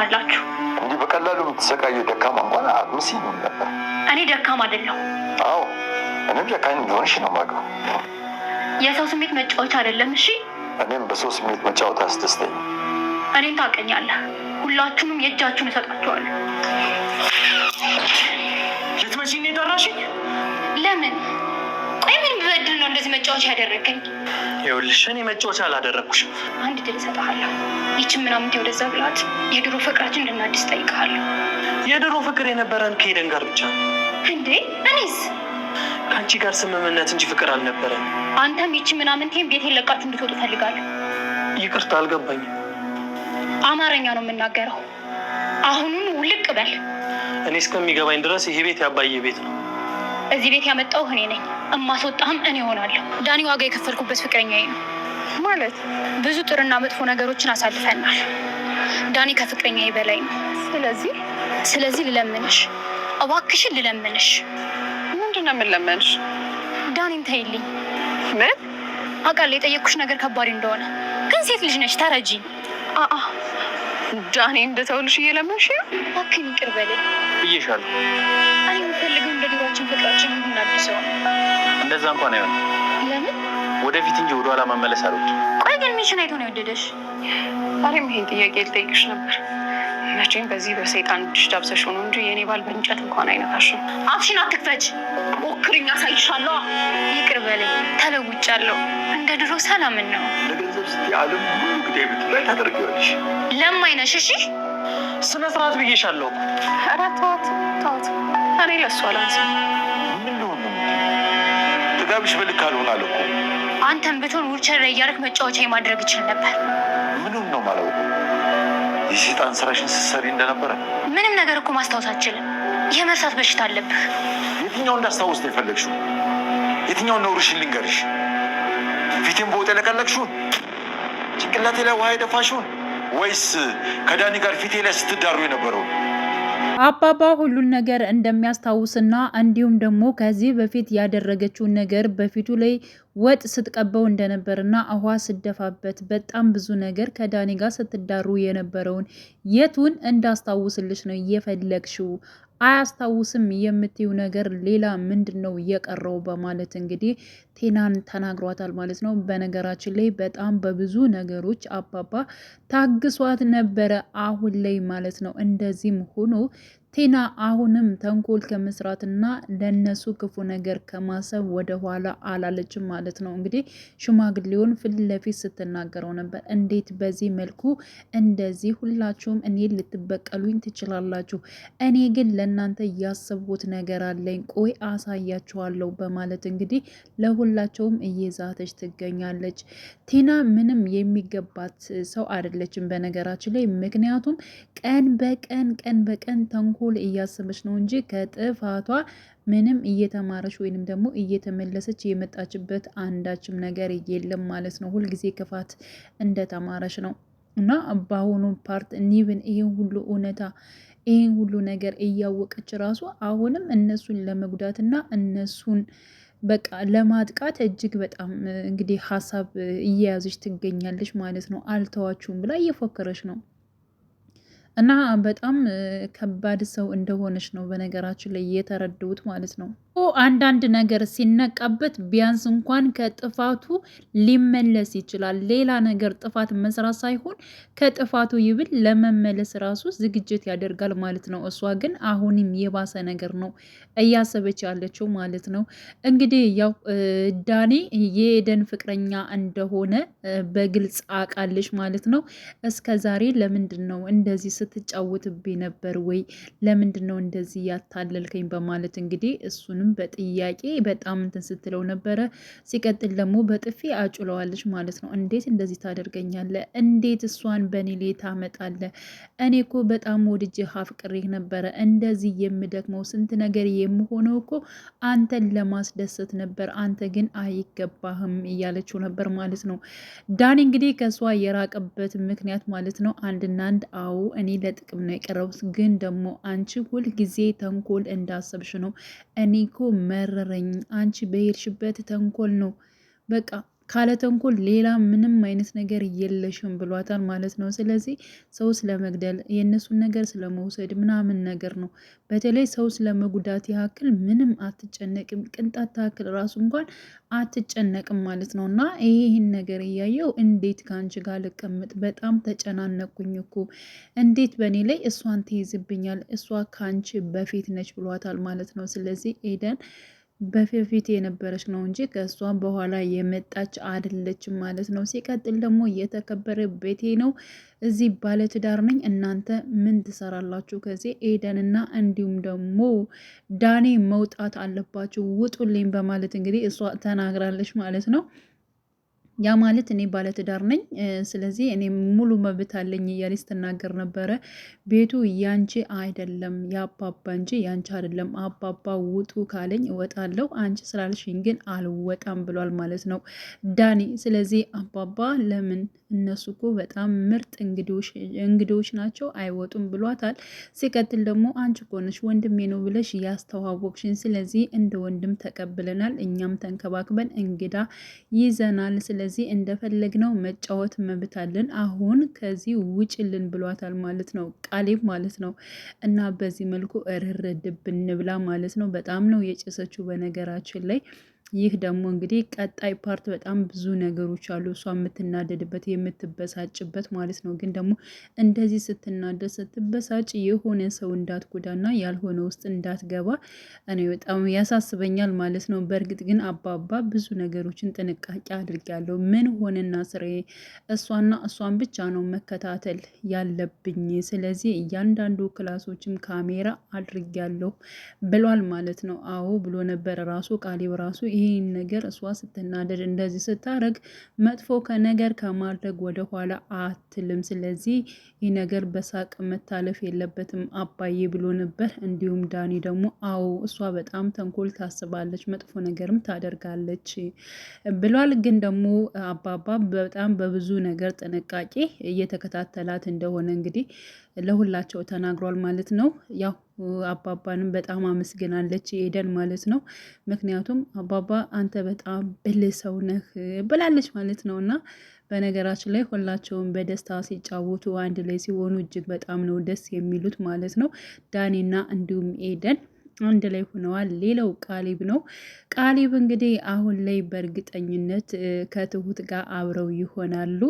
አላችሁ እንዲህ በቀላሉ የምትሰቃዩ ደካማ እንኳን አምሲ ነበር። እኔ ደካማ አይደለሁ። አዎ እኔም ጨካኝ እንደሆንሽ ነው ማቀ የሰው ስሜት መጫወቻ አይደለም። እሺ እኔም በሰው ስሜት መጫወት አስደስተኝ። እኔን ታውቀኛለህ። ሁላችሁንም የእጃችሁን እሰጣችኋለሁ። ልትመጪ ነው የጠራሽኝ? ለምን? እድል ነው እንደዚህ መጫወቻ ያደረገኝ። ይኸውልሽ እኔ መጫወቻ አላደረግኩሽም። አንድ ድል እሰጥሃለሁ። ይችን ምናምን ወደዛ ብላት የድሮ ፍቅራችን እንድናድስ ጠይቀሃለሁ። የድሮ ፍቅር የነበረን ከሄደን ጋር ብቻ እንዴ? እኔስ ከአንቺ ጋር ስምምነት እንጂ ፍቅር አልነበረን። አንተም ይችን ምናምንቴን ቤት ለቃችሁ እንድትወጡ እፈልጋለሁ። ይቅርታ አልገባኝም። አማርኛ ነው የምናገረው። አሁኑን ውልቅ በል። እኔ እስከሚገባኝ ድረስ ይሄ ቤት ያባዬ ቤት ነው። እዚህ ቤት ያመጣው እኔ ነኝ። እማስወጣህም እኔ እሆናለሁ። ዳኒ ዋጋ የከፈልኩበት ፍቅረኛዬ ነው ማለት ብዙ ጥርና መጥፎ ነገሮችን አሳልፈናል። ዳኒ ከፍቅረኛዬ በላይ ነው። ስለዚህ ስለዚህ ልለምንሽ፣ እባክሽን ልለምንሽ። ምንድን ነው የምንለምንሽ? ዳኒን ተይልኝ። ምን አውቃለሁ የጠየቅኩሽ ነገር ከባድ እንደሆነ ግን ሴት ልጅ ነች፣ ተረጂኝ። ዳኒ እንደተውልሽ እየለመንሽ እባክህን ይቅር በለኝ ብዬሻለሁ። ድሮችን ፍቅራችን እናድሰው። እንደዛ እንኳን አይሆን። ለምን? ወደፊት እንጂ ወደ ኋላ መመለስ አሉት። ቆይ ግን ሚሽን አይቶ ነው የወደደሽ? ዛሬም ይሄን ጥያቄ ልጠይቅሽ ነበር። መቼም በዚህ በሰይጣን ድሽ ዳብሰሽ ሆኖ እንጂ የእኔ ባል በእንጨት እንኳን አይነካሽም። አፍሽን አትክፈች፣ ሞክርኛ አሳይሻለሁ። ይቅር በለኝ፣ ተለውጫለሁ። እንደ ድሮ ሰላምን ነው ለገንዘብ ስትይ አለም ሁሉ ግዴ ብትላይ ታደርጊዋለሽ። ለማይነሽ እሺ፣ ስነ ስርዓት ብዬሻለሁ። ኧረ ተዋት ተዋት። እኔ ለሱ አላንስ ምን ሆን ነው ጥጋብሽ እኮ አንተን ብትሆን ውልቸር ላይ እያደረክ መጫወቻ ማድረግ ይችል ነበር። ምንም ነው ማላውቁ የሴጣን ስራሽን ስትሰሪ እንደነበረ ምንም ነገር እኮ ማስታወስ አችልም። የመርሳት በሽታ አለብህ። የትኛው እንዳስታወስ ነው የፈለግሽው? የትኛውን ነውርሽን ልንገርሽ? ፊቴን በወጥ የለቀለቅሽውን፣ ጭንቅላቴ ላይ ውሃ የደፋሽውን፣ ወይስ ከዳኒ ጋር ፊቴ ላይ ስትዳሩ የነበረውን? አባባ ሁሉን ነገር እንደሚያስታውስና እንዲሁም ደግሞ ከዚህ በፊት ያደረገችውን ነገር በፊቱ ላይ ወጥ ስትቀበው እንደነበርና አዋ ስደፋበት በጣም ብዙ ነገር ከዳኒ ጋር ስትዳሩ የነበረውን የቱን እንዳስታውስልሽ ነው እየፈለግሽው? አያስታውስም የምትዩ ነገር ሌላ ምንድን ነው የቀረው? በማለት እንግዲህ ቴናን ተናግሯታል ማለት ነው። በነገራችን ላይ በጣም በብዙ ነገሮች አባባ ታግሷት ነበረ። አሁን ላይ ማለት ነው እንደዚህም ሆኖ ቴና አሁንም ተንኮል ከመስራትና ለነሱ ክፉ ነገር ከማሰብ ወደ ኋላ አላለችም ማለት ነው። እንግዲህ ሽማግሌውን ፊት ለፊት ስትናገረው ነበር። እንዴት በዚህ መልኩ እንደዚህ ሁላችሁም እኔ ልትበቀሉኝ ትችላላችሁ፣ እኔ ግን ለእናንተ ያሰብኩት ነገር አለኝ፣ ቆይ አሳያችኋለሁ በማለት እንግዲህ ለሁላቸውም እየዛተች ትገኛለች። ቴና ምንም የሚገባት ሰው አይደለችም በነገራችን ላይ ምክንያቱም ቀን በቀን ቀን በቀን ተንኮል ተንኮል እያሰበች ነው እንጂ ከጥፋቷ ምንም እየተማረች ወይንም ደግሞ እየተመለሰች የመጣችበት አንዳችም ነገር የለም ማለት ነው። ሁልጊዜ ክፋት እንደተማረች ነው እና በአሁኑ ፓርት ኒብን ይህን ሁሉ እውነታ ይህን ሁሉ ነገር እያወቀች ራሱ አሁንም እነሱን ለመጉዳትና እነሱን በቃ ለማጥቃት እጅግ በጣም እንግዲህ ሀሳብ እየያዘች ትገኛለች ማለት ነው። አልተዋችሁም ብላ እየፎከረች ነው። እና በጣም ከባድ ሰው እንደሆነች ነው በነገራችን ላይ የተረድሁት ማለት ነው። አንዳንድ ነገር ሲነቃበት ቢያንስ እንኳን ከጥፋቱ ሊመለስ ይችላል። ሌላ ነገር ጥፋት መስራት ሳይሆን ከጥፋቱ ይብል ለመመለስ ራሱ ዝግጅት ያደርጋል ማለት ነው። እሷ ግን አሁንም የባሰ ነገር ነው እያሰበች ያለችው ማለት ነው። እንግዲህ ያው ዳኔ የኤደን ፍቅረኛ እንደሆነ በግልጽ አውቃለች ማለት ነው። እስከ ዛሬ ለምንድን ነው እንደዚህ ስትጫወትብኝ ነበር ወይ? ለምንድን ነው እንደዚህ ያታለልከኝ? በማለት እንግዲህ እሱን እሱንም በጥያቄ በጣም እንትን ስትለው ነበረ። ሲቀጥል ደግሞ በጥፊ አጭለዋለች ማለት ነው። እንዴት እንደዚህ ታደርገኛለ? እንዴት እሷን በእኔ ላይ ታመጣለ? እኔ እኮ በጣም ወድጄ ቅሬ ነበረ። እንደዚህ የምደክመው ስንት ነገር የምሆነው እኮ አንተን ለማስደሰት ነበር። አንተ ግን አይገባህም እያለችው ነበር ማለት ነው። ዳኒ እንግዲህ ከእሷ የራቀበት ምክንያት ማለት ነው አንድና አንድ አዎ እኔ ለጥቅም ነው የቀረቡት፣ ግን ደግሞ አንቺ ሁልጊዜ ተንኮል እንዳሰብሽ ነው። እኔ እኮ መረረኝ። አንቺ በሄድሽበት ተንኮል ነው በቃ ካለ ተንኮል ሌላ ምንም አይነት ነገር የለሽም ብሏታል ማለት ነው። ስለዚህ ሰው ስለመግደል የእነሱን ነገር ስለመውሰድ ምናምን ነገር ነው። በተለይ ሰው ስለመጉዳት ያክል ምንም አትጨነቅም፣ ቅንጣት ታክል ራሱ እንኳን አትጨነቅም ማለት ነው። እና ይህን ነገር እያየው እንዴት ከአንቺ ጋር ልቀምጥ? በጣም ተጨናነቁኝ እኮ እንዴት በእኔ ላይ እሷን ትይዝብኛል? እሷ ከአንቺ በፊት ነች ብሏታል ማለት ነው። ስለዚህ ኤደን በፊት የነበረች ነው እንጂ ከእሷ በኋላ የመጣች አይደለችም ማለት ነው። ሲቀጥል ደግሞ የተከበረ ቤቴ ነው፣ እዚህ ባለትዳር ነኝ። እናንተ ምን ትሰራላችሁ? ከዚህ ኤደንና እንዲሁም ደግሞ ዳኔ መውጣት አለባችሁ፣ ውጡልኝ በማለት እንግዲህ እሷ ተናግራለች ማለት ነው። ያ ማለት እኔ ባለትዳር ነኝ፣ ስለዚህ እኔ ሙሉ መብት አለኝ እያለች ስትናገር ነበረ። ቤቱ ያንቺ አይደለም የአባባ እንጂ ያንቺ አይደለም። አባባ ውጡ ካለኝ እወጣለሁ፣ አንቺ ስላልሽኝ ግን አልወጣም ብሏል ማለት ነው ዳኒ። ስለዚህ አባባ ለምን እነሱ እኮ በጣም ምርጥ እንግዶች ናቸው አይወጡም ብሏታል። ሲቀጥል ደግሞ አንቺ እኮ ነሽ ወንድሜ ነው ብለሽ ያስተዋወቅሽን፣ ስለዚህ እንደ ወንድም ተቀብለናል፣ እኛም ተንከባክበን እንግዳ ይዘናል። ስለዚህ ስለዚህ እንደፈለግነው መጫወት መብታለን። አሁን ከዚህ ውጭልን ብሏታል ማለት ነው፣ ቃሌም ማለት ነው። እና በዚህ መልኩ እርርድብን ብላ ማለት ነው። በጣም ነው የጭሰችው በነገራችን ላይ ይህ ደግሞ እንግዲህ ቀጣይ ፓርት በጣም ብዙ ነገሮች አሉ። እሷ የምትናደድበት የምትበሳጭበት ማለት ነው። ግን ደግሞ እንደዚህ ስትናደድ ስትበሳጭ የሆነ ሰው እንዳትጎዳና ያልሆነ ውስጥ እንዳትገባ እኔ በጣም ያሳስበኛል ማለት ነው። በእርግጥ ግን አባባ ብዙ ነገሮችን ጥንቃቄ አድርጊያለሁ። ምን ሆነና ስራዬ እሷና እሷን ብቻ ነው መከታተል ያለብኝ። ስለዚህ እያንዳንዱ ክላሶችም ካሜራ አድርጊያለሁ ብሏል ማለት ነው። አዎ ብሎ ነበር ራሱ ቃሌው ራሱ ይህን ነገር እሷ ስትናደድ እንደዚህ ስታረግ መጥፎ ከነገር ከማድረግ ወደኋላ አትልም። ስለዚህ ይህ ነገር በሳቅ መታለፍ የለበትም አባዬ ብሎ ነበር። እንዲሁም ዳኒ ደግሞ አዎ እሷ በጣም ተንኮል ታስባለች፣ መጥፎ ነገርም ታደርጋለች ብሏል። ግን ደግሞ አባባ በጣም በብዙ ነገር ጥንቃቄ እየተከታተላት እንደሆነ እንግዲህ ለሁላቸው ተናግሯል ማለት ነው። ያው አባባንም በጣም አመስግናለች ኤደን ማለት ነው። ምክንያቱም አባባ አንተ በጣም ብልህ ሰው ነህ ብላለች ማለት ነው። እና በነገራችን ላይ ሁላቸውም በደስታ ሲጫወቱ አንድ ላይ ሲሆኑ እጅግ በጣም ነው ደስ የሚሉት ማለት ነው ዳኒና እንዲሁም ኤደን አንድ ላይ ሆነዋል። ሌላው ቃሊብ ነው። ቃሊብ እንግዲህ አሁን ላይ በእርግጠኝነት ከትሁት ጋር አብረው ይሆናሉ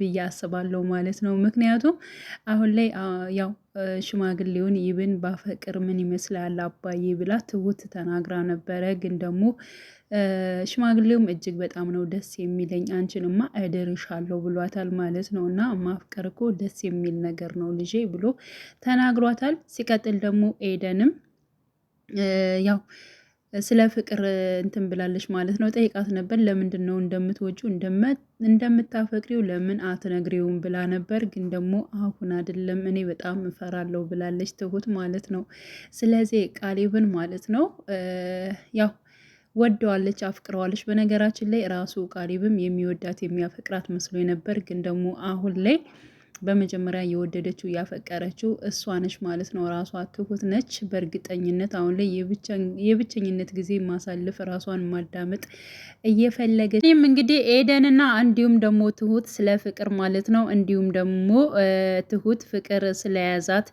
ብዬ አስባለሁ ማለት ነው። ምክንያቱም አሁን ላይ ያው ሽማግሌውን ይብን ባፈቅር ምን ይመስላል አባዬ ብላ ትሁት ተናግራ ነበረ። ግን ደግሞ ሽማግሌውም እጅግ በጣም ነው ደስ የሚለኝ አንቺንማ እድርሻለሁ ብሏታል ማለት ነው። እና ማፍቀር እኮ ደስ የሚል ነገር ነው ልጄ ብሎ ተናግሯታል። ሲቀጥል ደግሞ ኤደንም ያው ስለ ፍቅር እንትን ብላለች ማለት ነው። ጠይቃት ነበር ለምንድን ነው እንደምትወጁ እንደምታፈቅሪው ለምን አትነግሪውም ብላ ነበር። ግን ደግሞ አሁን አይደለም እኔ በጣም እፈራለሁ ብላለች ትሁት ማለት ነው። ስለዚህ ቃሌብን ማለት ነው ያው ወደዋለች፣ አፍቅረዋለች። በነገራችን ላይ ራሱ ቃሪብም የሚወዳት የሚያፈቅራት መስሎ ነበር። ግን ደግሞ አሁን ላይ በመጀመሪያ የወደደችው ያፈቀረችው እሷ ነች ማለት ነው። ራሷ ትሁት ነች በእርግጠኝነት አሁን ላይ የብቸኝነት ጊዜ ማሳለፍ ራሷን ማዳመጥ እየፈለገች ይህም እንግዲህ ኤደንና እንዲሁም ደግሞ ትሁት ስለ ፍቅር ማለት ነው እንዲሁም ደግሞ ትሁት ፍቅር ስለያዛት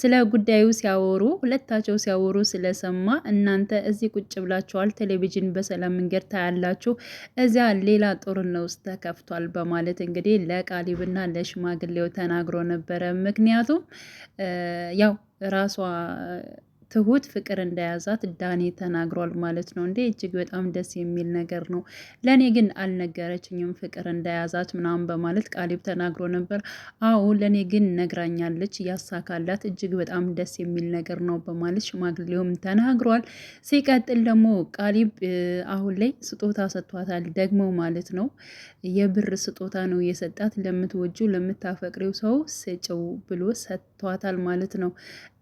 ስለ ጉዳዩ ሲያወሩ ሁለታቸው ሲያወሩ ስለሰማ እናንተ እዚህ ቁጭ ብላችኋል፣ ቴሌቪዥን በሰላም መንገድ ታያላችሁ፣ እዚያ ሌላ ጦርነት ውስጥ ተከፍቷል በማለት እንግዲህ ለቃሊብና ለሽማግሌው ተናግሮ ነበረ። ምክንያቱም ያው ራሷ ትሁት ፍቅር እንደያዛት ዳኔ ተናግሯል ማለት ነው እንዴ! እጅግ በጣም ደስ የሚል ነገር ነው። ለእኔ ግን አልነገረችኝም ፍቅር እንደያዛት ምናምን በማለት ቃሌብ ተናግሮ ነበር። አዎ ለእኔ ግን ነግራኛለች፣ ያሳካላት እጅግ በጣም ደስ የሚል ነገር ነው በማለት ሽማግሌውም ተናግሯል። ሲቀጥል ደግሞ ቃሊብ አሁን ላይ ስጦታ ሰጥቷታል ደግሞ ማለት ነው። የብር ስጦታ ነው የሰጣት ለምትወጁ ለምታፈቅሪው ሰው ስጭው ብሎ ሰጥ ሰጥተዋታል ማለት ነው።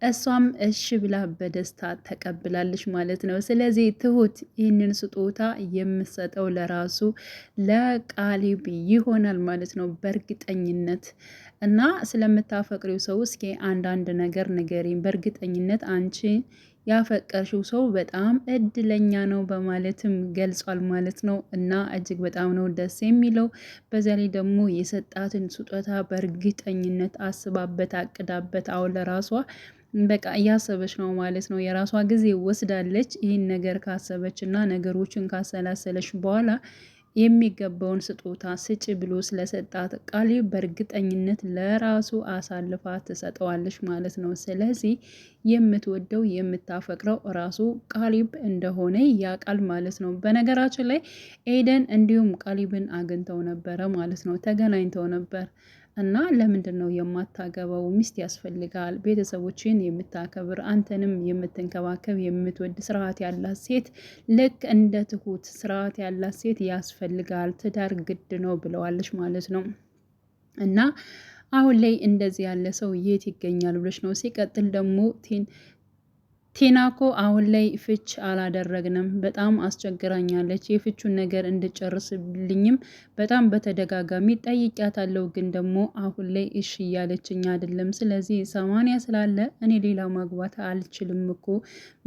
እሷም እሺ ብላ በደስታ ተቀብላለች ማለት ነው። ስለዚህ ትሁት ይህንን ስጦታ የምሰጠው ለራሱ ለቃሊብ ይሆናል ማለት ነው በእርግጠኝነት እና ስለምታፈቅሪው ሰው እስኪ አንዳንድ ነገር ንገሪኝ፣ በእርግጠኝነት አንቺ ያፈቀርሽው ሰው በጣም እድለኛ ነው በማለትም ገልጿል ማለት ነው። እና እጅግ በጣም ነው ደስ የሚለው። በዚያ ላይ ደግሞ የሰጣትን ስጦታ በእርግጠኝነት አስባበት አቅዳበት አሁን ለራሷ በቃ እያሰበች ነው ማለት ነው። የራሷ ጊዜ ወስዳለች። ይህን ነገር ካሰበች እና ነገሮችን ካሰላሰለች በኋላ የሚገባውን ስጦታ ስጭ ብሎ ስለሰጣት ቃል በእርግጠኝነት ለራሱ አሳልፋ ትሰጠዋለች ማለት ነው። ስለዚህ የምትወደው የምታፈቅረው ራሱ ቃሊብ እንደሆነ ያቃል ማለት ነው። በነገራችን ላይ ኤደን እንዲሁም ቃሊብን አግኝተው ነበረ ማለት ነው፣ ተገናኝተው ነበር። እና ለምንድን ነው የማታገባው? ሚስት ያስፈልጋል። ቤተሰቦችን የምታከብር አንተንም የምትንከባከብ የምትወድ ስርዓት ያላት ሴት ልክ እንደ ትሁት ስርዓት ያላት ሴት ያስፈልጋል። ትዳር ግድ ነው ብለዋለች ማለት ነው እና አሁን ላይ እንደዚህ ያለ ሰው የት ይገኛል ብለሽ ነው። ሲቀጥል ደግሞ ቲን ቴና እኮ አሁን ላይ ፍች አላደረግንም፣ በጣም አስቸግራኛለች። የፍቹን ነገር እንድጨርስልኝም በጣም በተደጋጋሚ ጠይቂያታለሁ፣ ግን ደግሞ አሁን ላይ እሺ እያለችኝ አይደለም። ስለዚህ ሰማንያ ስላለ እኔ ሌላ ማግባት አልችልም እኮ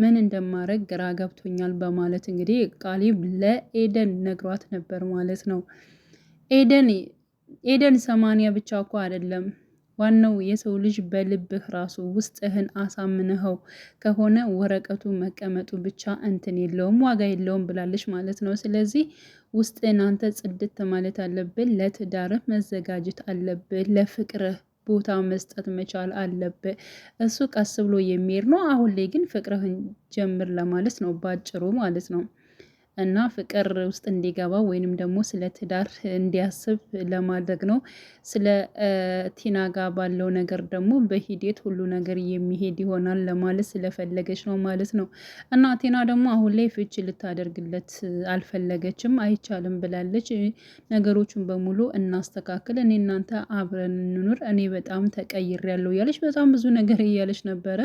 ምን እንደማረግ ግራ ገብቶኛል በማለት እንግዲህ ቃሊብ ለኤደን ነግሯት ነበር ማለት ነው። ኤደን ኤደን ሰማንያ ብቻ እኮ አይደለም ዋናው የሰው ልጅ በልብህ ራሱ ውስጥህን አሳምንኸው ከሆነ ወረቀቱ መቀመጡ ብቻ እንትን የለውም ዋጋ የለውም ብላለች ማለት ነው። ስለዚህ ውስጥህን አንተ ጽድት ማለት አለብህ። ለትዳርህ መዘጋጀት አለብህ። ለፍቅርህ ቦታ መስጠት መቻል አለብህ። እሱ ቀስ ብሎ የሚሄድ ነው። አሁን ላይ ግን ፍቅርህን ጀምር ለማለት ነው ባጭሩ ማለት ነው። እና ፍቅር ውስጥ እንዲገባ ወይንም ደግሞ ስለ ትዳር እንዲያስብ ለማድረግ ነው። ስለ ቲና ባለው ነገር ደግሞ በሂደት ሁሉ ነገር የሚሄድ ይሆናል ለማለት ስለፈለገች ነው ማለት ነው። እና ቲና ደግሞ አሁን ላይ ፍች ልታደርግለት አልፈለገችም። አይቻልም ብላለች። ነገሮችን በሙሉ እናስተካክል፣ እኔ እናንተ አብረን እንኑር፣ እኔ በጣም ተቀይሬያለሁ እያለች በጣም ብዙ ነገር እያለች ነበረ።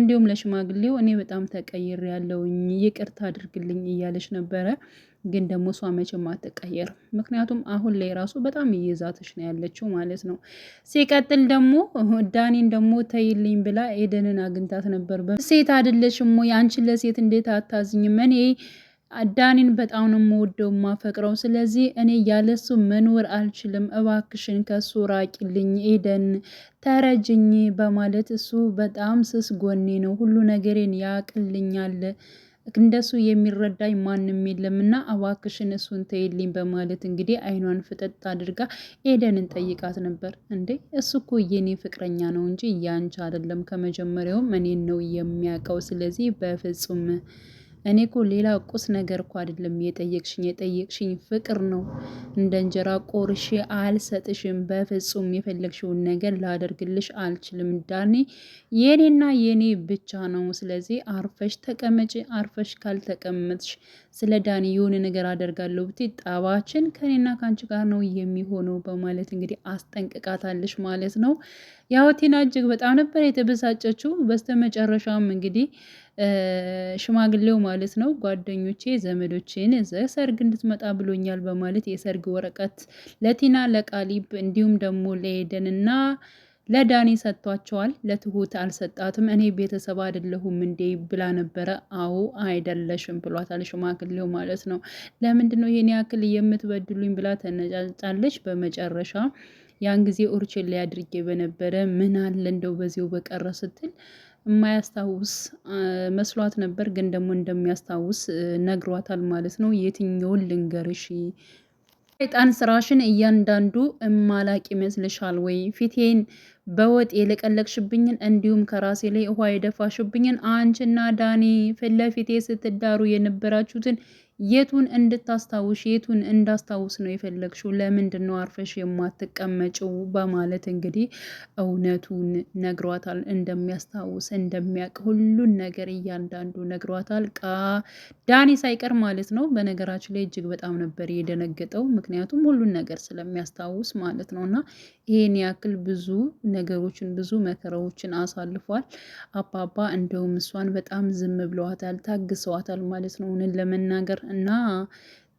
እንዲሁም ለሽማግሌው እኔ በጣም ተቀይሬያለሁኝ ይቅርታ አድርግልኝ እያለች ነበረ ነበረ። ግን ደግሞ እሷ መቼም አትቀየር። ምክንያቱም አሁን ላይ ራሱ በጣም እየዛተች ነው ያለችው ማለት ነው። ሲቀጥል ደግሞ ዳኒን ደግሞ ተይልኝ ብላ ኤደንን አግኝታት ነበር። ሴት አይደለሽም ወይ ለሴት እንዴት አታዝኝም? እኔ ዳኒን በጣም ነው የምወደው የማፈቅረው። ስለዚህ እኔ ያለሱ መኖር አልችልም። እባክሽን ከሱ ራቂልኝ ኤደን ተረጅኝ በማለት እሱ በጣም ስስ ጎኔ ነው፣ ሁሉ ነገሬን ያቅልኛል እንደሱ የሚረዳኝ ማንም የለም እና እባክሽን እሱን ተይልኝ በማለት እንግዲህ አይኗን ፍጠጥ አድርጋ ኤደንን ጠይቃት ነበር። እንዴ እሱ እኮ የኔ ፍቅረኛ ነው እንጂ ያንቺ አይደለም፣ ከመጀመሪያውም እኔን ነው የሚያውቀው። ስለዚህ በፍጹም እኔ እኮ ሌላ ቁስ ነገር እኮ አይደለም የጠየቅሽኝ፣ የጠየቅሽኝ ፍቅር ነው። እንደ እንጀራ ቆርሽ አልሰጥሽም። በፍጹም የፈለግሽውን ነገር ላደርግልሽ አልችልም። ዳኔ የኔና የኔ ብቻ ነው። ስለዚህ አርፈሽ ተቀመጪ። አርፈሽ ካልተቀመጥሽ ስለ ዳኒ የሆነ ነገር አደርጋለሁ ብቲ ጠባችን ከኔና ከአንቺ ጋር ነው የሚሆነው በማለት እንግዲህ አስጠንቅቃታለሽ ማለት ነው። ያው ቲና እጅግ በጣም ነበር የተበሳጨችው። በስተመጨረሻም እንግዲህ ሽማግሌው ማለት ነው ጓደኞቼ ዘመዶቼን ሰርግ እንድትመጣ ብሎኛል በማለት የሰርግ ወረቀት ለቲና ለቃሊብ እንዲሁም ደግሞ ለኤደንና ለዳኒ ሰጥቷቸዋል። ለትሁት አልሰጣትም። እኔ ቤተሰብ አይደለሁም እንዴ ብላ ነበረ። አዎ አይደለሽም ብሏታል ሽማግሌው ማለት ነው። ለምንድን ነው ይህን ያክል የምትበድሉኝ ብላ ተነጫጫለች። በመጨረሻ ያን ጊዜ ኦርቼ ላይ አድርጌ በነበረ ምን አለ እንደው በዚው በቀረ ስትል የማያስታውስ መስሏት ነበር፣ ግን ደግሞ እንደሚያስታውስ ነግሯታል ማለት ነው። የትኛውን ልንገርሽ ሰይጣን ስራሽን እያንዳንዱ እማላቅ ይመስልሻል ወይ? ፊቴን በወጥ የለቀለቅሽብኝን እንዲሁም ከራሴ ላይ ውሃ የደፋሽብኝን አንቺና ዳኒ ፊት ለፊቴ ስትዳሩ የነበራችሁትን የቱን እንድታስታውሽ የቱን እንዳስታውስ ነው የፈለግሽው? ለምንድን ነው አርፈሽ የማትቀመጭው? በማለት እንግዲህ እውነቱን ነግሯታል። እንደሚያስታውስ እንደሚያውቅ ሁሉን ነገር እያንዳንዱ ነግሯታል። ቃ ዳኒ ሳይቀር ማለት ነው። በነገራችን ላይ እጅግ በጣም ነበር የደነገጠው፣ ምክንያቱም ሁሉን ነገር ስለሚያስታውስ ማለት ነው። እና ይሄን ያክል ብዙ ነገሮችን ብዙ መከራዎችን አሳልፏል አባባ። እንደውም እሷን በጣም ዝም ብለዋታል፣ ታግሰዋታል ማለት ነው። ለመናገር እና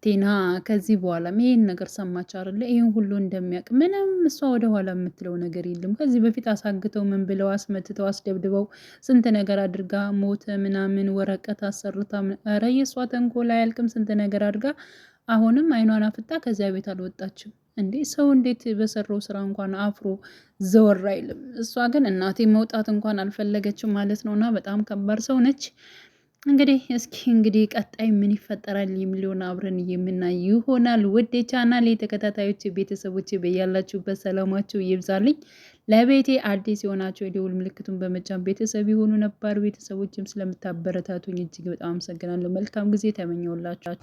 ቴና ከዚህ በኋላም ይሄን ነገር ሰማች አይደለ? ይሄን ሁሉ እንደሚያውቅ ምንም እሷ ወደ ኋላ የምትለው ነገር የለም። ከዚህ በፊት አሳግተው ምን ብለው አስመትተው አስደብድበው ስንት ነገር አድርጋ ሞተ ምናምን ወረቀት አሰርታ፣ ኧረ የእሷ ተንኮል አያልቅም። ስንት ነገር አድርጋ አሁንም አይኗን አፍጣ ከዚያ ቤት አልወጣችም። እንዴ ሰው እንዴት በሰራው ስራ እንኳን አፍሮ ዘወር አይልም። እሷ ግን እናቴ መውጣት እንኳን አልፈለገችም ማለት ነው። እና በጣም ከባድ ሰው ነች። እንግዲህ እስኪ እንግዲህ ቀጣይ ምን ይፈጠራል የሚለውን አብረን የምናይ ይሆናል። ውድ ቻናል ተከታታዮች ቤተሰቦች በያላችሁበት ሰላማችሁ ይብዛልኝ። ለቤቴ አዲስ የሆናቸው የደውል ምልክቱን በመጫን ቤተሰብ የሆኑ ነባር ቤተሰቦችም ስለምታበረታቱኝ እጅግ በጣም አመሰግናለሁ። መልካም ጊዜ ተመኘውላችሁ።